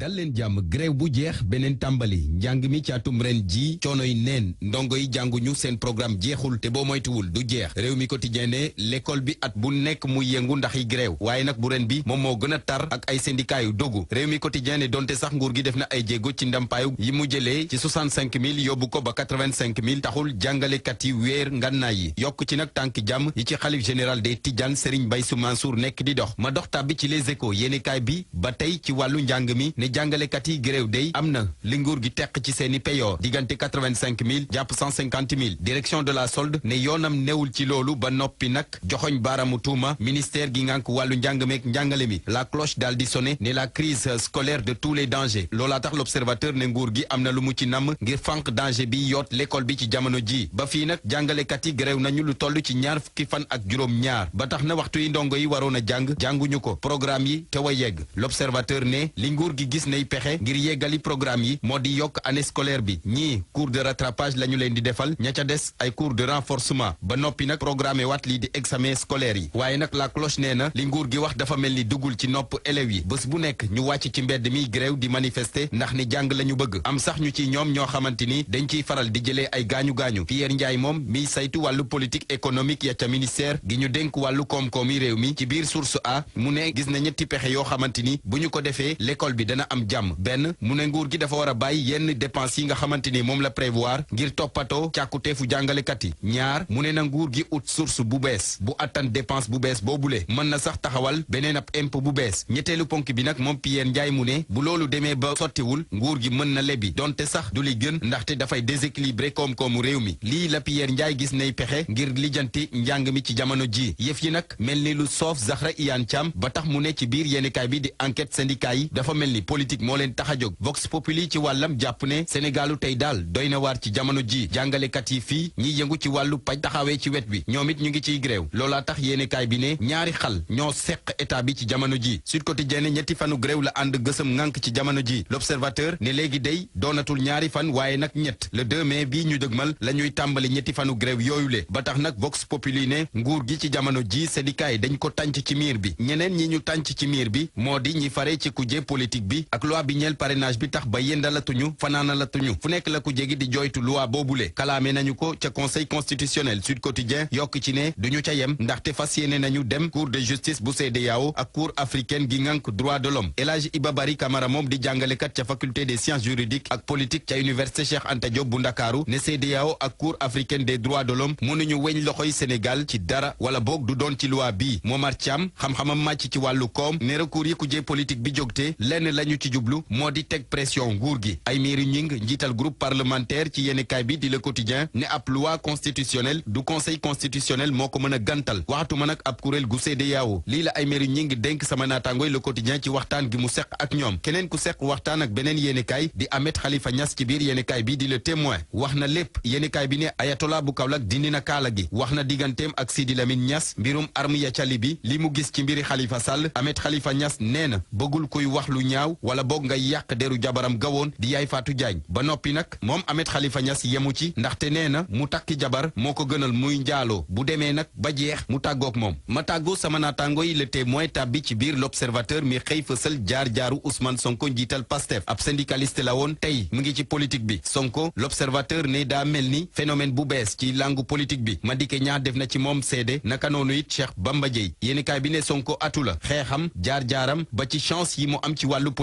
dal leen jàmm grève bu jeex beneen tàmbali njàng mi caatum ren ji coonoy neen ndongo yi jàngu ñu seen programme jeexul te boo moytuwul du jeex réew mi quotidien ne l'école bi at bu nekk mu yëngu ndax yi grève waaye nag bu ren bi moom moo gën a tar ak ay syndicat yu dogu réew mi quotidien ne donte sax nguur gi def na ay jéego ci ndampaayu yi mu jëlee ci 65 000 yóbbu ko ba 85 000 taxul jàngalekat yi weer ngànnaay yi yokk ci nag tànk jàmm yi ci xalif général des Tidiane Serigne Baye Mansour nekk di dox ma dox tàbbi ci les échos yéenekaay bi ba tey ci wàllu njàng mi ne jàngalekat yi gréew day am na li nguur gi teq ci seeni peyoor diggante 85 000 jàpp 150 000 direction de la solde ne yoonam newul ci loolu ba noppi nag joxoñ baaramu tuuma ministère gi ngànk wàllu njàng meek njàngale mi la cloche daal di sonné ne la crise scolaire de tous les dangers loolaa tax l'observateur ne nguur gi am na lu mu ci namm ngir fànq danger bi yoot l'école bi ci jamono ji ba fii nag jàngalekat yi gréew nañu lu toll ci ñaar fukki fan ak juróom-ñaar ba tax na waxtu yi ndongo yi waroon a jàng jànguñu ko gis nay pexe ngir yeggali programme yi moo di yokk année scolaire bi ñii de rattrapage ña ca des ay cours de renforcement ba noppi programme waat lii di examen scolaire yi waaye nag la cloche nee na li nguur gi wax dafa mel ni duggul ci nopp élèves yi bés bu nekk ñu wàcc ci mbedd mi grève di manifester ndax ni jàng la ñu bëgg am sax ñu ci ñoom ñoo xamante ni dañ ciy faral di jëlee ay gaañu gaañu Pierre Ndiaye moom mi saytu wàllu politique économique ya ca ministère gi ñu dénk wàllu koom-koom réew mi ci biir source a mu ne gis na ñetti pexe yoo xamante bu ñu ko defee l'école bi dana a am jàmm benn mu ne nguur gi dafa war a bàyyi yenn dépenses yi nga xamante ni moom la prévoir ngir toppatoo càkkuteefu jàngalekat yi ñaar mu ne na nguur gi ut source bu bees bu attan dépense bu bees boobu le mën na sax taxawal beneen ab impôt bu bees ñetteelu ponk bi nag moom Pierre njaay mu ne bu loolu demee ba sottiwul nguur gi mën na lebi donte sax du li gën ndaxte dafay déséquilibré koom-koomu réew mi lii la Pierre njaay gis nay pexe ngir lijjanti njàng mi ci jamono ji yëf yi nag mel ni lu soof Zahra Iyane ba tax mu ne ci biir yéenekaay bi di enquête politique moo leen tax a jóg Vox Populi ci wàllam jàpp ne Sénégalu tey daal doy na waar ci jamono ji jàngalekat yi fii ñiy yëngu ci wàllu paj taxawee ci wet bi ñoom it ñu ngi ciy gréew loolaa tax yéenekaay bi ne ñaari xal ñoo seq état bi ci jamono ji Sud Quotidien ñetti fanu gréew la ànd gësëm ngànk ci jamono ji L'Observateur ne léegi day doonatul ñaari fan waaye nag ñett le 2 mai bii ñu dëgmal la ñuy tàmbali ñetti fanu gréew yooyu le ba tax nag Vox Populi ne nguur gi ci jamono ji syndicat yi dañ ko tànc ci miir bi ñeneen ñu tànc ci miir bi moo ak loi bi ñeel bi tax ba yendalatuñu fanaanalatuñu fu nekk la ko jégi di joytu loi boobule kalaame nañu ko ca conseil constitutionnel sud quotidien yokk ci ne duñu ca yem ndaxte fas yéene nañu dem cour de justice bu CEDEAO ak cour africaine gi ngànk droit de l'homme El Hadj Iba Barry Camara moom di jàngalekat ca faculté des sciences juridiques ak politique ca université Cheikh Anta Diop bu ndakaaru ne CEDEAO ak cour africaine des droits de l'homme mënuñu weñ loxoy Sénégal ci dara wala boog du doon ci loi bi Momar Thiam xam-xamam màcc ci wàllu koom ne recours yi ku bi jógte lenn ñu ci jublu moo di teg pression nguur gi ay miiri ñing njiital groupe parlementaire ci yéenekaay bi di le quotidien ne ab loi constitutionnelle du conseil constitutionnel moo ko mën a gantal waxatuma nag ab kuréel gu CEDEAO lii la ay miiri ñing sama naataangooy le quotidien ci waxtaan gi mu seq ak ñoom keneen ku seq waxtaan ak beneen yéenekaay di Ahmed Khalifa Niass ci biir yéenekaay bi di le témoin wax na lépp yéenekaay bi ne ayatollah bu Kaolack dindi ñaaw wala boog nga yàq deru jabaram gawoon di yaay Fatou Diagne ba noppi nag moom Ahmed Khalifa Niass yemu ci ndaxte nee na mu takki jabar moo ko gënal muy njaaloo bu demee nag ba jeex mu tàggook moom ma tàggoo sama naataango yi le témoin tàbbi ci biir l'observateur mi xëy fësal jaar-jaaru Ousmane Sonko njiital Pastef ab syndicaliste la woon tey mu ngi ci politique bi Sonko l'observateur ne daa mel ni phénomène bu bees ci langu politique bi ma dikke Niang def na ci moom seede naka noonu it Cheikh Bamba Dièye yéenekaay bi ne Sonko atu xeexam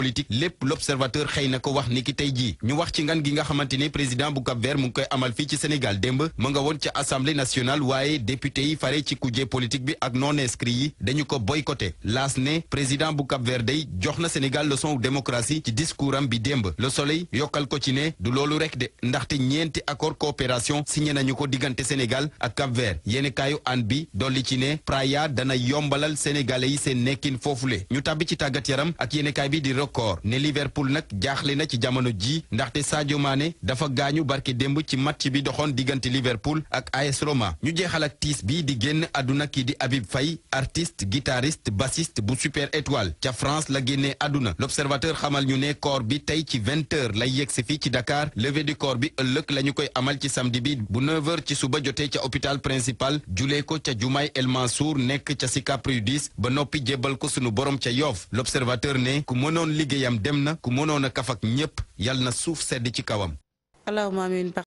politique lépp l'observateur xëy na ko wax ni ki tey jii ñu wax ci ngan gi nga xamante président bu Cap Vert mu ngi koy amal fii ci Sénégal démb mu nga woon ca assemblée nationale waaye député yi fare ci kujje politique bi ak non inscrits yi dañu ko boycotté laas ne président bu Cap Vert day jox na Sénégal leçon démocratie ci discours am bi démb le soleil yokkal ko ci ne du loolu rek de ndaxte ñeenti accord coopération signé nañu ko diggante Sénégal ak Cap Vert record ne Liverpool nag jaaxle na ci jamono ji ndaxte Sadio Mané dafa gaañu barke demb ci match bi doxoon diggante Liverpool ak AS Roma ñu jeexal ak tiis bi di génn àdduna kii di Habib Faye artiste gitarist bassiste bu Super Étoile ca France la génnee àdduna l'observateur xamal ñu ne corps bi tey ci vingt heures lay yegsi fii ci Dakar levée du corps bi ëllëg la ñu koy amal ci samedi bi bu neuf heures ci suba jotee ca hôpital principal julee ko ca Jumaay El Mansour nekk ca Sicap Rue 10 ba noppi jébbal ko sunu borom ca Yoff liggéeyam dem na ku mënoon a kaf ak ñépp yal na suuf sedd ci kawam